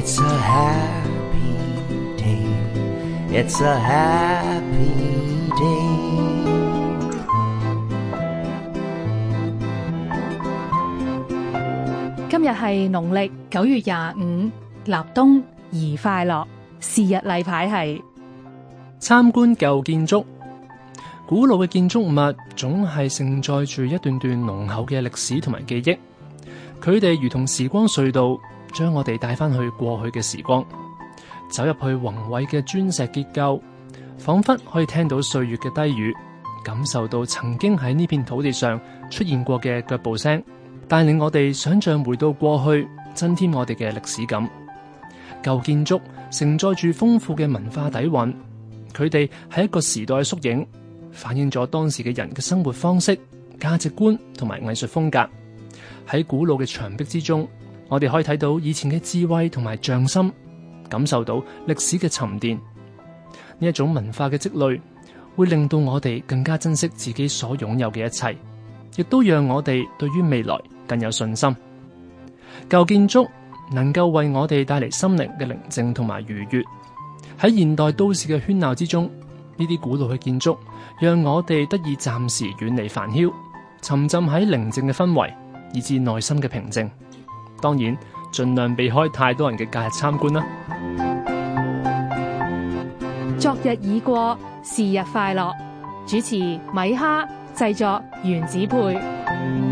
It's a happy day. It's a happy day. 今日係農曆九月廿五，立冬而快樂。時日禮是日例牌係參觀舊建築。古老嘅建築物總係承載住一段段濃厚嘅歷史同埋記憶，佢哋如同時光隧道。將我哋帶翻去過去嘅時光，走入去宏偉嘅磚石結構，仿佛可以聽到歲月嘅低語，感受到曾經喺呢片土地上出現過嘅腳步聲，帶領我哋想象回到過去，增添我哋嘅歷史感。舊建築承載住豐富嘅文化底蘊，佢哋係一個時代嘅縮影，反映咗當時嘅人嘅生活方式、價值觀同埋藝術風格。喺古老嘅牆壁之中，我哋可以睇到以前嘅智慧同埋匠心，感受到歷史嘅沉澱呢一種文化嘅積累，會令到我哋更加珍惜自己所擁有嘅一切，亦都讓我哋對於未來更有信心。舊建築能夠為我哋帶嚟心靈嘅寧靜同埋愉悦。喺現代都市嘅喧鬧之中，呢啲古老嘅建築讓我哋得以暫時遠離煩囂，沉浸喺寧靜嘅氛圍，以至內心嘅平靜。當然，盡量避開太多人嘅假日參觀啦。昨日已過，是日快樂。主持米哈，製作原子貝。